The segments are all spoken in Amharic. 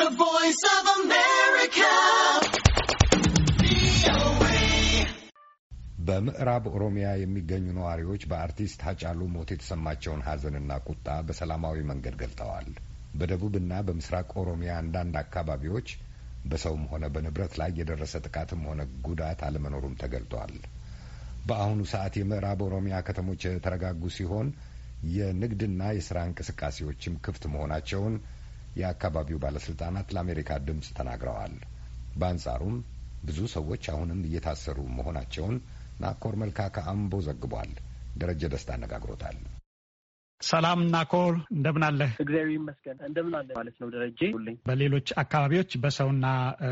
The Voice of America. በምዕራብ ኦሮሚያ የሚገኙ ነዋሪዎች በአርቲስት ሀጫሉ ሞት የተሰማቸውን ሀዘንና ቁጣ በሰላማዊ መንገድ ገልጠዋል። በደቡብና በምስራቅ ኦሮሚያ አንዳንድ አካባቢዎች በሰውም ሆነ በንብረት ላይ የደረሰ ጥቃትም ሆነ ጉዳት አለመኖሩም ተገልጧል። በአሁኑ ሰዓት የምዕራብ ኦሮሚያ ከተሞች የተረጋጉ ሲሆን የንግድና የስራ እንቅስቃሴዎችም ክፍት መሆናቸውን የአካባቢው ባለስልጣናት ለአሜሪካ ድምፅ ተናግረዋል። በአንጻሩም ብዙ ሰዎች አሁንም እየታሰሩ መሆናቸውን ናኮር መልካ ከአምቦ ዘግቧል። ደረጀ ደስታ አነጋግሮታል። ሰላም ናኮር እንደምን አለህ? እግዚአብሔር ይመስገን እንደምን አለ ማለት ነው ደረጀ። በሌሎች አካባቢዎች በሰውና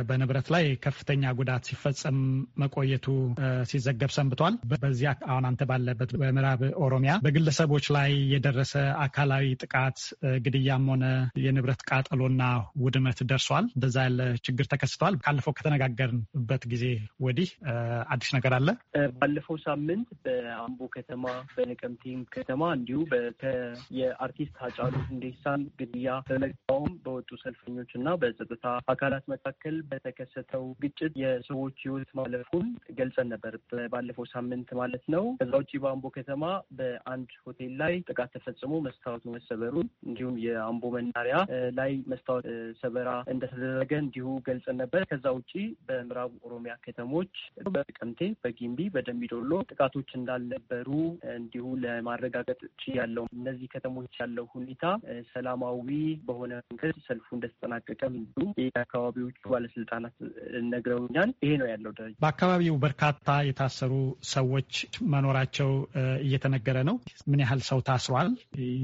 በንብረት ላይ ከፍተኛ ጉዳት ሲፈጸም መቆየቱ ሲዘገብ ሰንብቷል። በዚያ አሁን አንተ ባለበት በምዕራብ ኦሮሚያ በግለሰቦች ላይ የደረሰ አካላዊ ጥቃት፣ ግድያም ሆነ የንብረት ቃጠሎና ውድመት ደርሷል። በዛ ያለ ችግር ተከስተዋል። ካለፈው ከተነጋገርንበት ጊዜ ወዲህ አዲስ ነገር አለ? ባለፈው ሳምንት በአምቦ ከተማ በነቀምቴም ከተማ እንዲሁ የአርቲስት ሃጫሉ ሁንዴሳን ግድያ በመቃወም በወጡ ሰልፈኞች እና በጸጥታ አካላት መካከል በተከሰተው ግጭት የሰዎች ህይወት ማለፉን ገልጸን ነበር ባለፈው ሳምንት ማለት ነው። ከዛ ውጭ በአምቦ ከተማ በአንድ ሆቴል ላይ ጥቃት ተፈጽሞ መስታወት መሰበሩን እንዲሁም የአምቦ መናሪያ ላይ መስታወት ሰበራ እንደተደረገ እንዲሁ ገልጸን ነበር። ከዛ ውጭ በምዕራብ ኦሮሚያ ከተሞች በቀምቴ፣ በጊምቢ፣ በደምቢዶሎ ጥቃቶች እንዳልነበሩ እንዲሁ ለማረጋገጥ ያለው እነዚህ ከተሞች ያለው ሁኔታ ሰላማዊ በሆነ መንገድ ሰልፉ እንደተጠናቀቀ እንዲሁም የአካባቢዎቹ ባለስልጣናት ነግረውኛል። ይሄ ነው ያለው ደረጃ። በአካባቢው በርካታ የታሰሩ ሰዎች መኖራቸው እየተነገረ ነው። ምን ያህል ሰው ታስሯል?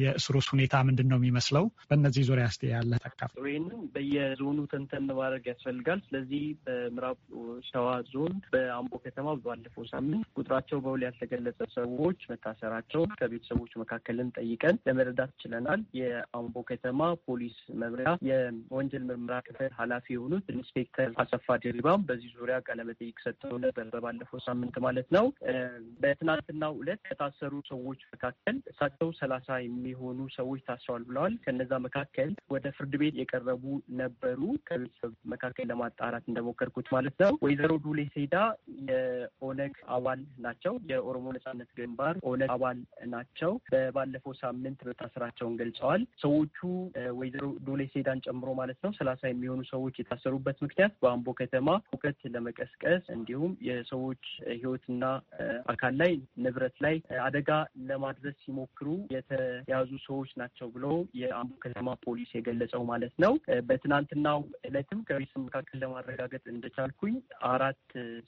የእስሩስ ሁኔታ ምንድን ነው የሚመስለው? በእነዚህ ዙሪያ ስ ያለ ተካፍ ይህንም በየዞኑ ተንተን ማድረግ ያስፈልጋል። ስለዚህ በምዕራብ ሸዋ ዞን በአምቦ ከተማ ባለፈው ሳምንት ቁጥራቸው በውል ያልተገለጸ ሰዎች መታሰራቸው ከቤተሰቦች መካከልን ጠይ ጠይቀን ለመረዳት ችለናል። የአምቦ ከተማ ፖሊስ መምሪያ የወንጀል ምርመራ ክፍል ኃላፊ የሆኑት ኢንስፔክተር አሰፋ ድሪባም በዚህ ዙሪያ ቃለመጠይቅ ሰጥተው ነበር፣ በባለፈው ሳምንት ማለት ነው። በትናንትናው ዕለት ከታሰሩ ሰዎች መካከል እሳቸው ሰላሳ የሚሆኑ ሰዎች ታስረዋል ብለዋል። ከነዛ መካከል ወደ ፍርድ ቤት የቀረቡ ነበሩ። ከቤተሰብ መካከል ለማጣራት እንደሞከርኩት ማለት ነው። ወይዘሮ ዱሌ ሴዳ የኦነግ አባል ናቸው። የኦሮሞ ነጻነት ግንባር ኦነግ አባል ናቸው። በባለፈው ሳምንት መታሰራቸውን ገልጸዋል። ሰዎቹ ወይዘሮ ዶሌ ሴዳን ጨምሮ ማለት ነው ሰላሳ የሚሆኑ ሰዎች የታሰሩበት ምክንያት በአምቦ ከተማ ሁከት ለመቀስቀስ እንዲሁም የሰዎች ህይወትና አካል ላይ ንብረት ላይ አደጋ ለማድረስ ሲሞክሩ የተያዙ ሰዎች ናቸው ብሎ የአምቦ ከተማ ፖሊስ የገለጸው ማለት ነው። በትናንትናው እለትም ከቤተሰብ መካከል ለማረጋገጥ እንደቻልኩኝ አራት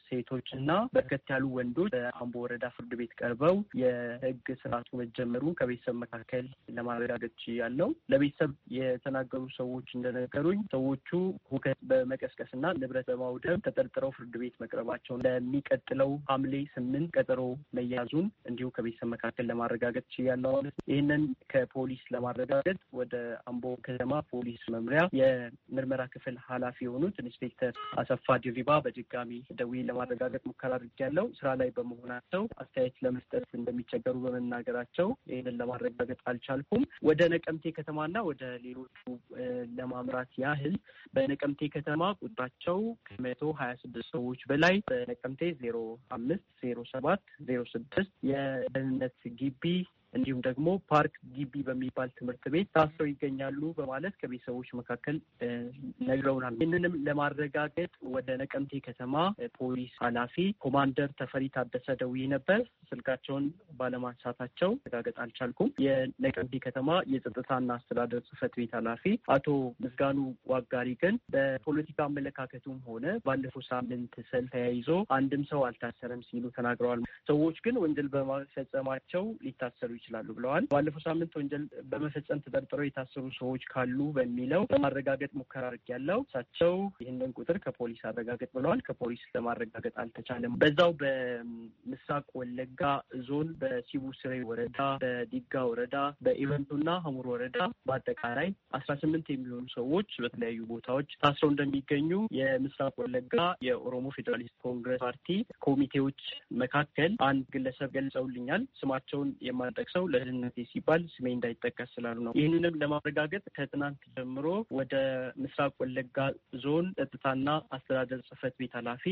ሴቶች እና በርከት ያሉ ወንዶች በአምቦ ወረዳ ፍርድ ቤት ቀርበው የህግ ስርዓቱ መጀመሩን ከቤተሰብ መካከል ለማረጋገጥ ያለው ለቤተሰብ የተናገሩ ሰዎች እንደነገሩኝ ሰዎቹ ሁከት በመቀስቀስና ንብረት በማውደም ተጠርጥረው ፍርድ ቤት መቅረባቸውን ለሚቀጥለው ሐምሌ ስምንት ቀጠሮ መያዙን እንዲሁ ከቤተሰብ መካከል ለማረጋገጥ ያለው ማለት ነው። ይህንን ከፖሊስ ለማረጋገጥ ወደ አምቦ ከተማ ፖሊስ መምሪያ የምርመራ ክፍል ኃላፊ የሆኑት ኢንስፔክተር አሰፋ ዲሪባ በድጋሚ ደውዬ ለማረጋገጥ ሙከራ አድርጌያለሁ። ስራ ላይ በመሆናቸው አስተያየት ለመስጠት እንደሚቸገሩ በመናገራቸው ይህንን ለማረጋገጥ ማረጋገጥ አልቻልኩም። ወደ ነቀምቴ ከተማና ወደ ሌሎቹ ለማምራት ያህል በነቀምቴ ከተማ ቁጥራቸው ከመቶ ሀያ ስድስት ሰዎች በላይ በነቀምቴ ዜሮ አምስት ዜሮ ሰባት ዜሮ ስድስት የደህንነት ግቢ እንዲሁም ደግሞ ፓርክ ግቢ በሚባል ትምህርት ቤት ታስረው ይገኛሉ በማለት ከቤተሰቦች መካከል ነግረውናል። ይህንንም ለማረጋገጥ ወደ ነቀምቴ ከተማ ፖሊስ ኃላፊ ኮማንደር ተፈሪ ታደሰ ደውዬ ነበር። ስልካቸውን ባለማንሳታቸው መረጋገጥ አልቻልኩም። የነቀምቴ ከተማ የጸጥታና አስተዳደር ጽፈት ቤት ኃላፊ አቶ ምስጋኑ ዋጋሪ ግን በፖለቲካ አመለካከቱም ሆነ ባለፈው ሳምንት ሰል ተያይዞ አንድም ሰው አልታሰረም ሲሉ ተናግረዋል። ሰዎች ግን ወንጀል በመፈጸማቸው ሊታሰሩ ይችላሉ ብለዋል። ባለፈው ሳምንት ወንጀል በመፈጸም ተጠርጥረው የታሰሩ ሰዎች ካሉ በሚለው ለማረጋገጥ ሙከራ ያለው እሳቸው ይህንን ቁጥር ከፖሊስ አረጋገጥ ብለዋል። ከፖሊስ ለማረጋገጥ አልተቻለም። በዛው በምስራቅ ወለጋ ዞን በሲቡ ስሬ ወረዳ፣ በዲጋ ወረዳ፣ በኢቨንቱና ሀሙር ወረዳ በአጠቃላይ አስራ ስምንት የሚሆኑ ሰዎች በተለያዩ ቦታዎች ታስረው እንደሚገኙ የምስራቅ ወለጋ የኦሮሞ ፌዴራሊስት ኮንግረስ ፓርቲ ኮሚቴዎች መካከል አንድ ግለሰብ ገልጸውልኛል። ስማቸውን የማጠ የምጠቅሰው ለደህንነቴ ሲባል ስሜ እንዳይጠቀስ ስላሉ ነው። ይህንንም ለማረጋገጥ ከትናንት ጀምሮ ወደ ምስራቅ ወለጋ ዞን ጸጥታና አስተዳደር ጽህፈት ቤት ኃላፊ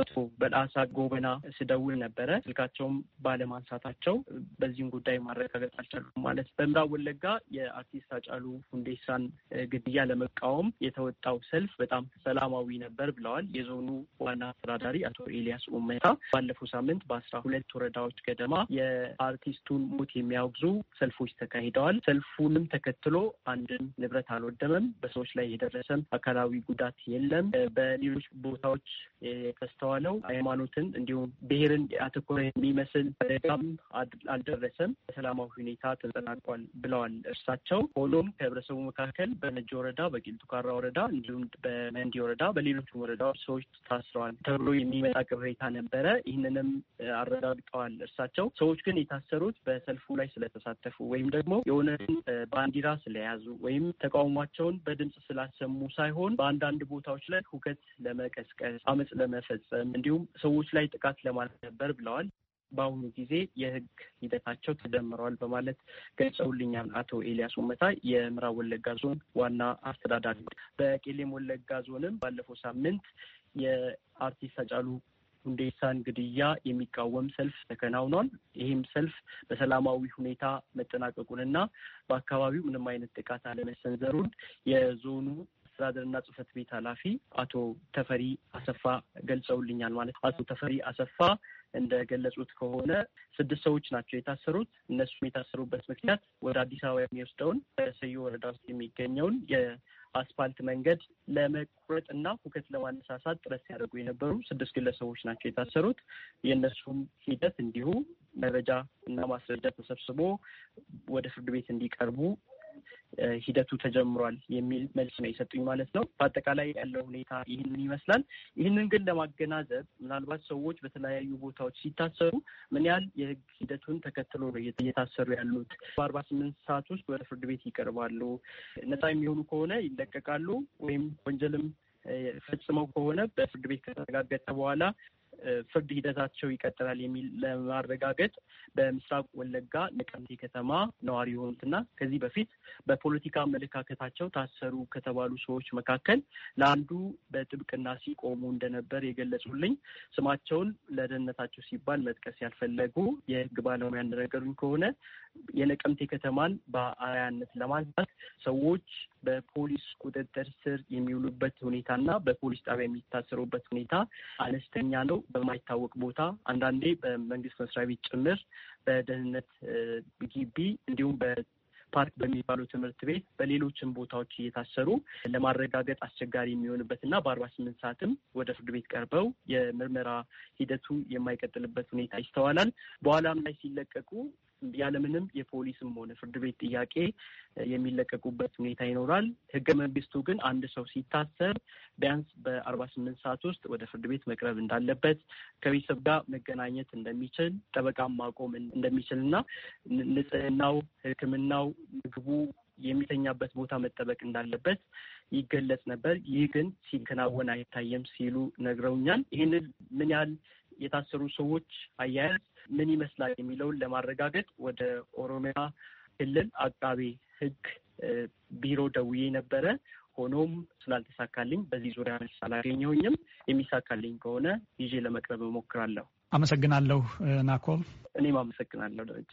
አቶ በልአሳ ጎበና ስደውል ነበረ። ስልካቸውም ባለማንሳታቸው በዚህም ጉዳይ ማረጋገጥ አልቻሉም። ማለት በምዕራብ ወለጋ የአርቲስት አጫሉ ሁንዴሳን ግድያ ለመቃወም የተወጣው ሰልፍ በጣም ሰላማዊ ነበር ብለዋል የዞኑ ዋና አስተዳዳሪ አቶ ኤልያስ ኡመታ ባለፈው ሳምንት በአስራ ሁለት ወረዳዎች ገደማ የአርቲስቱን ሞት የሚያወግዙ ሰልፎች ተካሂደዋል። ሰልፉንም ተከትሎ አንድን ንብረት አልወደመም፣ በሰዎች ላይ የደረሰም አካላዊ ጉዳት የለም። በሌሎች ቦታዎች የተስተዋለው ሃይማኖትን እንዲሁም ብሔርን አተኮረ የሚመስል አደጋም አልደረሰም፣ በሰላማዊ ሁኔታ ተጠናቋል ብለዋል እርሳቸው። ሆኖም ከህብረተሰቡ መካከል በነጆ ወረዳ፣ በቂልጡ ካራ ወረዳ እንዲሁም በመንዲ ወረዳ፣ በሌሎች ወረዳዎች ሰዎች ታስረዋል ተብሎ የሚመጣ ቅሬታ ነበረ። ይህንንም አረጋግጠዋል እርሳቸው። ሰዎች ግን የታሰሩት በሰልፉ ላይ ስለተሳተፉ ወይም ደግሞ የእውነትን ባንዲራ ስለያዙ ወይም ተቃውሟቸውን በድምፅ ስላሰሙ ሳይሆን በአንዳንድ ቦታዎች ላይ ሁከት ለመቀስቀስ፣ አመፅ ለመፈጸም እንዲሁም ሰዎች ላይ ጥቃት ለማለት ነበር ብለዋል። በአሁኑ ጊዜ የህግ ሂደታቸው ተደምረዋል በማለት ገልጸውልኛል። አቶ ኤልያስ ውመታ የምዕራብ ወለጋ ዞን ዋና አስተዳዳሪ። በቄሌም ወለጋ ዞንም ባለፈው ሳምንት የአርቲስት አጫሉ ሁንዴሳን ግድያ የሚቃወም ሰልፍ ተከናውኗል። ይህም ሰልፍ በሰላማዊ ሁኔታ መጠናቀቁንና በአካባቢው ምንም አይነት ጥቃት አለመሰንዘሩን የዞኑ አስተዳደርና ጽፈት ቤት ኃላፊ አቶ ተፈሪ አሰፋ ገልጸውልኛል። ማለት አቶ ተፈሪ አሰፋ እንደገለጹት ከሆነ ስድስት ሰዎች ናቸው የታሰሩት። እነሱም የታሰሩበት ምክንያት ወደ አዲስ አበባ የሚወስደውን በሰዩ ወረዳ ውስጥ የሚገኘውን የአስፋልት መንገድ ለመቁረጥ እና ሁከት ለማነሳሳት ጥረት ሲያደርጉ የነበሩ ስድስት ግለሰቦች ናቸው የታሰሩት። የእነሱም ሂደት እንዲሁ መረጃ እና ማስረጃ ተሰብስቦ ወደ ፍርድ ቤት እንዲቀርቡ ሂደቱ ተጀምሯል የሚል መልስ ነው የሰጡኝ ማለት ነው። በአጠቃላይ ያለው ሁኔታ ይህንን ይመስላል። ይህንን ግን ለማገናዘብ ምናልባት ሰዎች በተለያዩ ቦታዎች ሲታሰሩ ምን ያህል የህግ ሂደቱን ተከትሎ ነው እየታሰሩ ያሉት፣ በአርባ ስምንት ሰዓት ውስጥ ወደ ፍርድ ቤት ይቀርባሉ፣ ነፃ የሚሆኑ ከሆነ ይለቀቃሉ ወይም ወንጀልም ፈጽመው ከሆነ በፍርድ ቤት ከተረጋገጠ በኋላ ፍርድ ሂደታቸው ይቀጥላል የሚል ለማረጋገጥ በምስራቅ ወለጋ ነቀምቴ ከተማ ነዋሪ የሆኑትና ከዚህ በፊት በፖለቲካ አመለካከታቸው ታሰሩ ከተባሉ ሰዎች መካከል ለአንዱ በጥብቅና ሲቆሙ እንደነበር የገለጹልኝ ስማቸውን ለደህንነታቸው ሲባል መጥቀስ ያልፈለጉ የህግ ባለሙያ እንደነገሩኝ ከሆነ የነቀምቴ ከተማን በአርአያነት ለማንሳት ሰዎች በፖሊስ ቁጥጥር ስር የሚውሉበት ሁኔታ እና በፖሊስ ጣቢያ የሚታሰሩበት ሁኔታ አነስተኛ ነው። በማይታወቅ ቦታ አንዳንዴ በመንግስት መስሪያ ቤት ጭምር በደህንነት ግቢ እንዲሁም ፓርክ በሚባለው ትምህርት ቤት በሌሎችም ቦታዎች እየታሰሩ ለማረጋገጥ አስቸጋሪ የሚሆንበት እና በአርባ ስምንት ሰዓትም ወደ ፍርድ ቤት ቀርበው የምርመራ ሂደቱ የማይቀጥልበት ሁኔታ ይስተዋላል። በኋላም ላይ ሲለቀቁ ያለምንም የፖሊስም ሆነ ፍርድ ቤት ጥያቄ የሚለቀቁበት ሁኔታ ይኖራል። ህገ መንግስቱ ግን አንድ ሰው ሲታሰር ቢያንስ በአርባ ስምንት ሰዓት ውስጥ ወደ ፍርድ ቤት መቅረብ እንዳለበት፣ ከቤተሰብ ጋር መገናኘት እንደሚችል፣ ጠበቃ ማቆም እንደሚችል እና ንጽህናው፣ ህክምናው ምግቡ የሚተኛበት ቦታ መጠበቅ እንዳለበት ይገለጽ ነበር። ይህ ግን ሲከናወን አይታየም ሲሉ ነግረውኛል። ይህንን ምን ያህል የታሰሩ ሰዎች አያያዝ ምን ይመስላል የሚለውን ለማረጋገጥ ወደ ኦሮሚያ ክልል አቃቤ ሕግ ቢሮ ደውዬ ነበረ። ሆኖም ስላልተሳካልኝ በዚህ ዙሪያ መልስ አላገኘሁኝም። የሚሳካልኝ ከሆነ ይዤ ለመቅረብ እሞክራለሁ። አመሰግናለሁ ናኮል። እኔም አመሰግናለሁ ደረጀ።